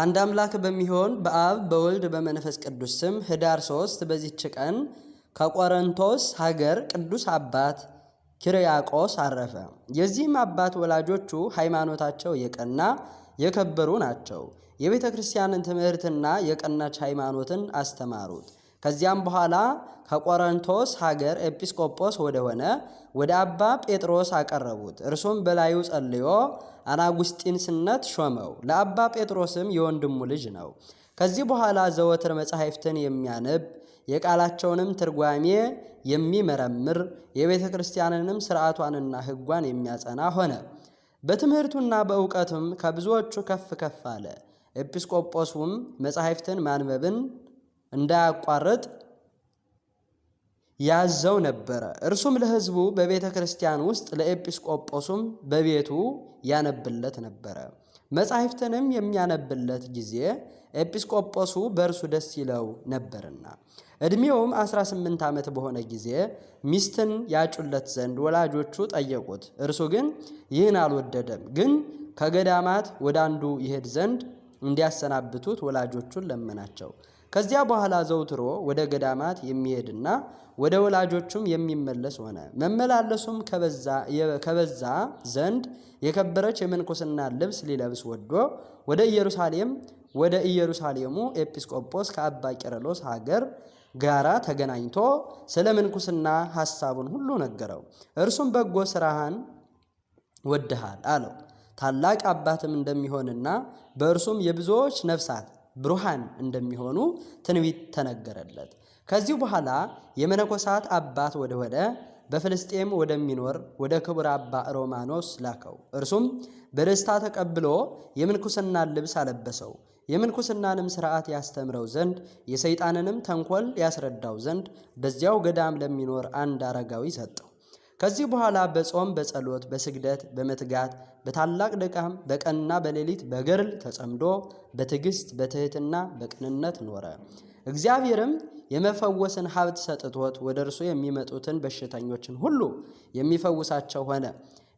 አንድ አምላክ በሚሆን በአብ በወልድ በመንፈስ ቅዱስ ስም ህዳር ሶስት በዚች ቀን ከቆረንቶስ ሀገር ቅዱስ አባት ኪርያቆስ አረፈ። የዚህም አባት ወላጆቹ ሃይማኖታቸው የቀና የከበሩ ናቸው። የቤተ ክርስቲያንን ትምህርትና የቀናች ሃይማኖትን አስተማሩት። ከዚያም በኋላ ከቆረንቶስ ሀገር ኤጲስቆጶስ ወደሆነ ወደ አባ ጴጥሮስ አቀረቡት። እርሱም በላዩ ጸልዮ አናጉስጢንስነት ሾመው። ለአባ ጴጥሮስም የወንድሙ ልጅ ነው። ከዚህ በኋላ ዘወትር መጻሕፍትን የሚያነብ የቃላቸውንም ትርጓሜ የሚመረምር የቤተ ክርስቲያንንም ስርዓቷንና ሕጓን የሚያጸና ሆነ። በትምህርቱና በእውቀትም ከብዙዎቹ ከፍ ከፍ አለ። ኤጲስቆጶሱም መጻሕፍትን ማንበብን እንዳያቋርጥ ያዘው ነበረ። እርሱም ለሕዝቡ በቤተ ክርስቲያን ውስጥ ለኤጲስቆጶሱም በቤቱ ያነብለት ነበረ። መጻሕፍትንም የሚያነብለት ጊዜ ኤጲስቆጶሱ በእርሱ ደስ ይለው ነበርና ዕድሜውም ዐሥራ ስምንት ዓመት በሆነ ጊዜ ሚስትን ያጩለት ዘንድ ወላጆቹ ጠየቁት። እርሱ ግን ይህን አልወደደም። ግን ከገዳማት ወደ አንዱ ይሄድ ዘንድ እንዲያሰናብቱት ወላጆቹን ለመናቸው። ከዚያ በኋላ ዘውትሮ ወደ ገዳማት የሚሄድና ወደ ወላጆቹም የሚመለስ ሆነ። መመላለሱም ከበዛ ዘንድ የከበረች የምንኩስና ልብስ ሊለብስ ወዶ ወደ ኢየሩሳሌም ወደ ኢየሩሳሌሙ ኤጲስቆጶስ ከአባ ቄርሎስ ሀገር ጋራ ተገናኝቶ ስለ ምንኩስና ሐሳቡን ሁሉ ነገረው። እርሱም በጎ ስራህን ወድሃል አለው። ታላቅ አባትም እንደሚሆንና በእርሱም የብዙዎች ነፍሳት ብሩሃን እንደሚሆኑ ትንቢት ተነገረለት። ከዚሁ በኋላ የመነኮሳት አባት ወደ ሆነ በፍልስጤም ወደሚኖር ወደ ክቡር አባ ሮማኖስ ላከው። እርሱም በደስታ ተቀብሎ የምንኩስናን ልብስ አለበሰው። የምንኩስናንም ስርዓት ያስተምረው ዘንድ የሰይጣንንም ተንኮል ያስረዳው ዘንድ በዚያው ገዳም ለሚኖር አንድ አረጋዊ ሰጠው። ከዚህ በኋላ በጾም በጸሎት በስግደት በመትጋት በታላቅ ድቃም በቀንና በሌሊት በገርል ተጸምዶ በትግስት በትህትና በቅንነት ኖረ። እግዚአብሔርም የመፈወስን ሀብት ሰጥቶት ወደ እርሱ የሚመጡትን በሽተኞችን ሁሉ የሚፈውሳቸው ሆነ።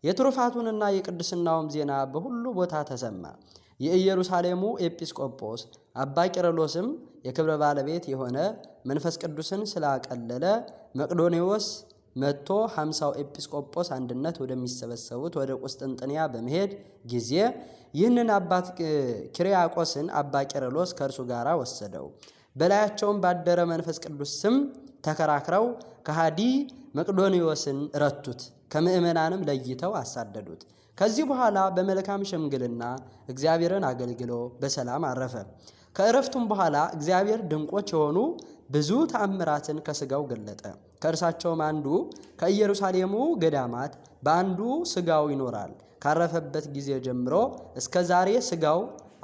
የትሩፋቱንና የቅድስናውም ዜና በሁሉ ቦታ ተሰማ። የኢየሩሳሌሙ ኤጲስቆጶስ አባ ቂረሎስም የክብረ ባለቤት የሆነ መንፈስ ቅዱስን ስላቀለለ መቅዶኔዎስ መጥቶ ሀምሳው ኤጲስቆጶስ አንድነት ወደሚሰበሰቡት ወደ ቁስጥንጥንያ በመሄድ ጊዜ ይህንን አባት ኪሪያቆስን አባ ቄርሎስ ከእርሱ ጋር ወሰደው። በላያቸውም ባደረ መንፈስ ቅዱስ ስም ተከራክረው ከሃዲ መቅዶኒዎስን ረቱት፣ ከምዕመናንም ለይተው አሳደዱት። ከዚህ በኋላ በመልካም ሽምግልና እግዚአብሔርን አገልግሎ በሰላም አረፈ። ከእረፍቱም በኋላ እግዚአብሔር ድንቆች የሆኑ ብዙ ተአምራትን ከስጋው ገለጠ። ከእርሳቸውም አንዱ ከኢየሩሳሌሙ ገዳማት በአንዱ ስጋው ይኖራል። ካረፈበት ጊዜ ጀምሮ እስከ ዛሬ ስጋው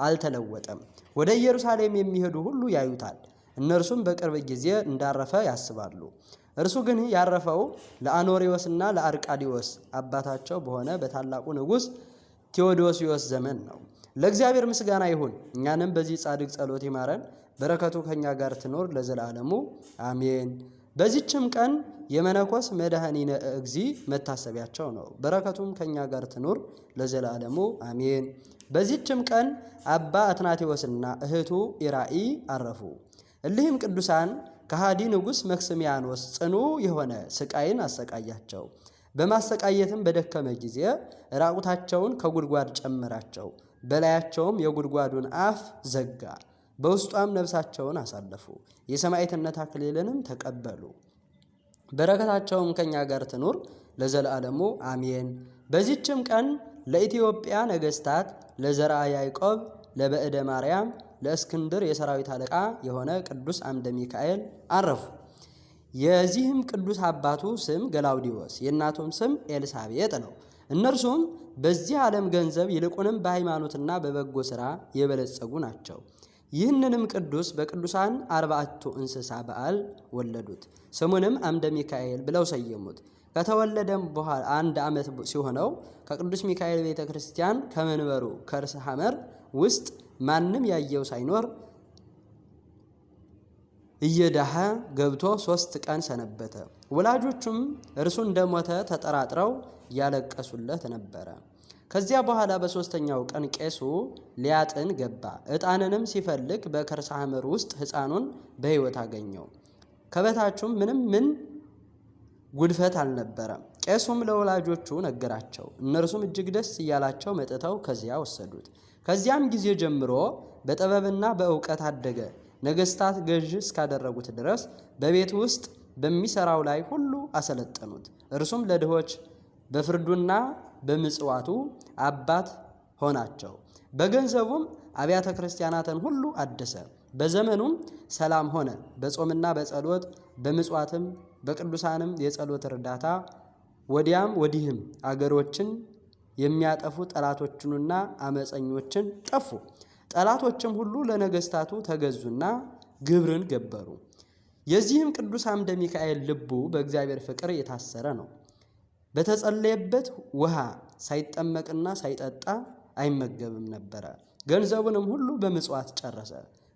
አልተለወጠም። ወደ ኢየሩሳሌም የሚሄዱ ሁሉ ያዩታል። እነርሱም በቅርብ ጊዜ እንዳረፈ ያስባሉ። እርሱ ግን ያረፈው ለአኖሪዎስና ለአርቃዲዎስ አባታቸው በሆነ በታላቁ ንጉሥ ቴዎዶሲዎስ ዘመን ነው። ለእግዚአብሔር ምስጋና ይሁን። እኛንም በዚህ ጻድቅ ጸሎት ይማረን። በረከቱ ከእኛ ጋር ትኖር ለዘላለሙ አሜን። በዚችም ቀን የመነኮስ መድኃኒነ እግዚ መታሰቢያቸው ነው። በረከቱም ከእኛ ጋር ትኑር ለዘላለሙ አሜን። በዚችም ቀን አባ አትናቴዎስና እህቱ ኢራኢ አረፉ። እሊህም ቅዱሳን ከሃዲ ንጉሥ መክስሚያኖስ ጽኑ የሆነ ስቃይን አሰቃያቸው። በማሰቃየትም በደከመ ጊዜ ራቁታቸውን ከጉድጓድ ጨመራቸው። በላያቸውም የጉድጓዱን አፍ ዘጋ። በውስጧም ነፍሳቸውን አሳለፉ። የሰማዕትነት አክሊልንም ተቀበሉ። በረከታቸውም ከእኛ ጋር ትኑር ለዘላለሙ አሜን። በዚችም ቀን ለኢትዮጵያ ነገስታት ለዘርአ ያዕቆብ፣ ለበእደ ማርያም፣ ለእስክንድር የሰራዊት አለቃ የሆነ ቅዱስ አምደ ሚካኤል አረፉ። የዚህም ቅዱስ አባቱ ስም ገላውዲዎስ የእናቱም ስም ኤልሳቤጥ ነው። እነርሱም በዚህ ዓለም ገንዘብ ይልቁንም በሃይማኖትና በበጎ ሥራ የበለጸጉ ናቸው። ይህንንም ቅዱስ በቅዱሳን አርባዕቱ እንስሳ በዓል ወለዱት። ስሙንም አምደ ሚካኤል ብለው ሰየሙት። ከተወለደም በኋላ አንድ ዓመት ሲሆነው ከቅዱስ ሚካኤል ቤተ ክርስቲያን ከመንበሩ ከርስ ሐመር ውስጥ ማንም ያየው ሳይኖር እየዳኸ ገብቶ ሶስት ቀን ሰነበተ። ወላጆቹም እርሱ እንደሞተ ተጠራጥረው ያለቀሱለት ነበረ። ከዚያ በኋላ በሦስተኛው ቀን ቄሱ ሊያጥን ገባ። ዕጣንንም ሲፈልግ በከርሰ ሐመር ውስጥ ሕፃኑን በሕይወት አገኘው። ከበታቹም ምንም ምን ጉድፈት አልነበረም። ቄሱም ለወላጆቹ ነገራቸው። እነርሱም እጅግ ደስ እያላቸው መጥተው ከዚያ ወሰዱት። ከዚያም ጊዜ ጀምሮ በጥበብና በእውቀት አደገ። ነገስታት ገዥ እስካደረጉት ድረስ በቤት ውስጥ በሚሰራው ላይ ሁሉ አሰለጠኑት። እርሱም ለድሆች በፍርዱና በምጽዋቱ አባት ሆናቸው። በገንዘቡም አብያተ ክርስቲያናትን ሁሉ አደሰ። በዘመኑም ሰላም ሆነ። በጾምና በጸሎት በምጽዋትም በቅዱሳንም የጸሎት እርዳታ ወዲያም ወዲህም አገሮችን የሚያጠፉ ጠላቶችንና አመፀኞችን ጠፉ። ጠላቶችም ሁሉ ለነገስታቱ ተገዙና ግብርን ገበሩ። የዚህም ቅዱስ አምደ ሚካኤል ልቡ በእግዚአብሔር ፍቅር የታሰረ ነው። በተጸለየበት ውሃ ሳይጠመቅና ሳይጠጣ አይመገብም ነበረ። ገንዘቡንም ሁሉ በምጽዋት ጨረሰ።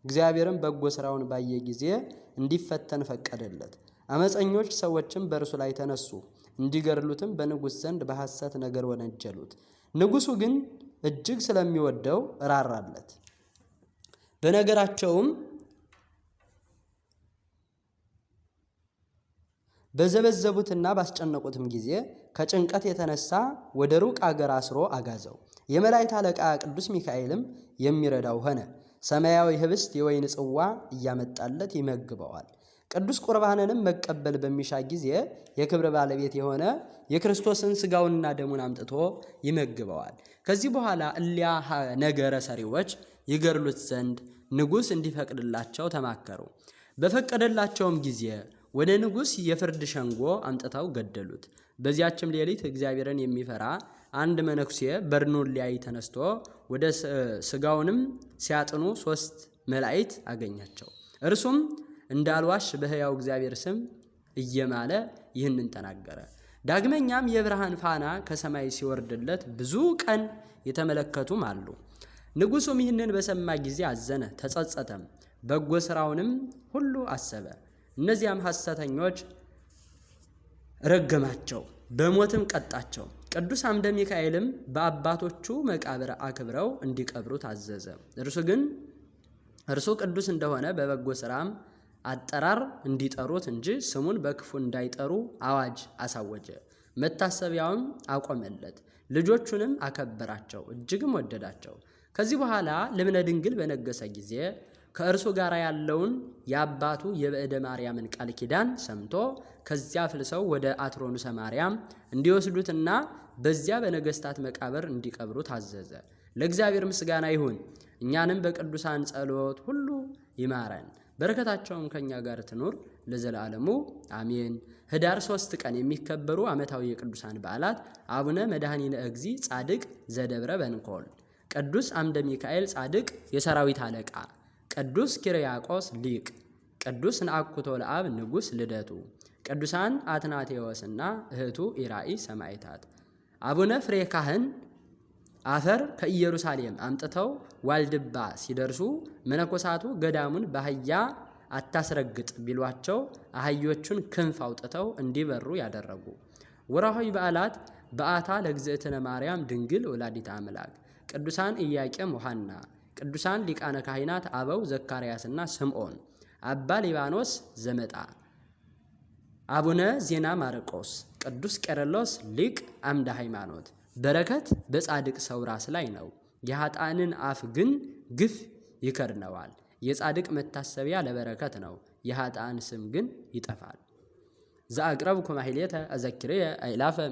እግዚአብሔርም በጎ ስራውን ባየ ጊዜ እንዲፈተን ፈቀደለት። አመፀኞች ሰዎችም በእርሱ ላይ ተነሱ፣ እንዲገድሉትም በንጉሥ ዘንድ በሐሰት ነገር ወነጀሉት። ንጉሡ ግን እጅግ ስለሚወደው ራራለት። በነገራቸውም በዘበዘቡትና ባስጨነቁትም ጊዜ ከጭንቀት የተነሳ ወደ ሩቅ አገር አስሮ አጋዘው። የመላእክት አለቃ ቅዱስ ሚካኤልም የሚረዳው ሆነ። ሰማያዊ ህብስት፣ የወይን ጽዋ እያመጣለት ይመግበዋል። ቅዱስ ቁርባንንም መቀበል በሚሻ ጊዜ የክብር ባለቤት የሆነ የክርስቶስን ስጋውንና ደሙን አምጥቶ ይመግበዋል። ከዚህ በኋላ እሊያ ነገረ ሰሪዎች ይገድሉት ዘንድ ንጉሥ እንዲፈቅድላቸው ተማከሩ። በፈቀደላቸውም ጊዜ ወደ ንጉሥ የፍርድ ሸንጎ አምጥተው ገደሉት። በዚያችም ሌሊት እግዚአብሔርን የሚፈራ አንድ መነኩሴ በድኑን ሊያይ ተነስቶ ወደ ስጋውንም ሲያጥኑ ሶስት መላእክት አገኛቸው። እርሱም እንዳልዋሽ በሕያው እግዚአብሔር ስም እየማለ ይህንን ተናገረ። ዳግመኛም የብርሃን ፋና ከሰማይ ሲወርድለት ብዙ ቀን የተመለከቱም አሉ። ንጉሡም ይህንን በሰማ ጊዜ አዘነ፣ ተጸጸተም። በጎ ሥራውንም ሁሉ አሰበ። እነዚያም ሐሰተኞች ረገማቸው፣ በሞትም ቀጣቸው። ቅዱስ አምደ ሚካኤልም በአባቶቹ መቃብር አክብረው እንዲቀብሩ ታዘዘ። እርሱ ግን እርሱ ቅዱስ እንደሆነ በበጎ ስራም አጠራር እንዲጠሩት እንጂ ስሙን በክፉ እንዳይጠሩ አዋጅ አሳወጀ። መታሰቢያውም አቆመለት። ልጆቹንም አከበራቸው፣ እጅግም ወደዳቸው። ከዚህ በኋላ ልብነ ድንግል በነገሰ ጊዜ ከእርሱ ጋር ያለውን የአባቱ የበዕደ ማርያምን ቃል ኪዳን ሰምቶ ከዚያ ፍልሰው ወደ አትሮኑሰ ማርያም እንዲወስዱትና በዚያ በነገስታት መቃብር እንዲቀብሩ ታዘዘ። ለእግዚአብሔር ምስጋና ይሁን። እኛንም በቅዱሳን ጸሎት ሁሉ ይማረን። በረከታቸውም ከእኛ ጋር ትኑር ለዘላለሙ አሜን። ህዳር ሶስት ቀን የሚከበሩ ዓመታዊ የቅዱሳን በዓላት አቡነ መድኃኒነ እግዚ ጻድቅ ዘደብረ በንኮል፣ ቅዱስ አምደ ሚካኤል ጻድቅ የሰራዊት አለቃ ቅዱስ ኪርያቆስ ሊቅ፣ ቅዱስ ነአኩቶ ለአብ ንጉሥ ልደቱ፣ ቅዱሳን አትናቴዎስና እህቱ ኢራኢ ሰማዕታት። አቡነ ፍሬ ካህን አፈር ከኢየሩሳሌም አምጥተው ዋልድባ ሲደርሱ መነኮሳቱ ገዳሙን በአህያ አታስረግጥ ቢሏቸው አህዮቹን ክንፍ አውጥተው እንዲበሩ ያደረጉ። ወርኃዊ በዓላት በዓታ ለእግዝእትነ ማርያም ድንግል ወላዲታ አምላክ፣ ቅዱሳን ኢያቄም ወሐና ቅዱሳን ሊቃነ ካህናት አበው ዘካርያስና ስምዖን፣ አባ ሊባኖስ ዘመጣ፣ አቡነ ዜና ማርቆስ፣ ቅዱስ ቄርሎስ ሊቅ አምደ ሃይማኖት። በረከት በጻድቅ ሰው ራስ ላይ ነው፣ የኃጣንን አፍ ግን ግፍ ይከድነዋል። የጻድቅ መታሰቢያ ለበረከት ነው፣ የኃጣን ስም ግን ይጠፋል። ዘአቅረብኩ ማሕሌተ አዘኪርየ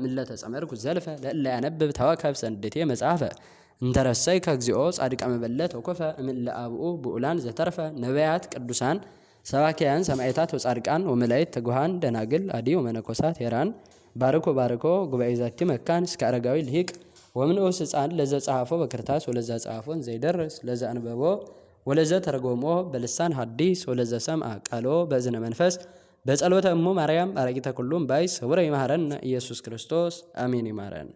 ምለተ ጸመርኩ ዘልፈ ለእለ ያነብብ ተወከብ ሰንድቴ መጽሐፈ እንተረሳይ ከግዚኦ ጻድቃ መበለት ወኮፈ እምለ አብኡ ብኡላን ዘተረፈ ነቢያት ቅዱሳን ሰባኪያን ሰማይታት ወጻድቃን ወመላእክት ትጉሃን ደናግል አዲ ወመነኮሳት ሄራን ባርኮ ባርኮ ጉባኤ ዛቲ መካን እስከ አረጋዊ ልሂቅ ወምንዑስ ሕፃን ለዘ ጸሐፎ በክርታስ ወለዛ ጸሐፎን ዘይደርስ ለዘ አንበቦ ወለዘ ተረጎሞ በልሳን ሐዲስ ወለዘ ሰምዐ ቃሎ በእዝነ መንፈስ በጸሎተ እሙ ማርያም አረቂተ ኩሉም ባይ ስውረ ይማረን ኢየሱስ ክርስቶስ አሜን ይማረን።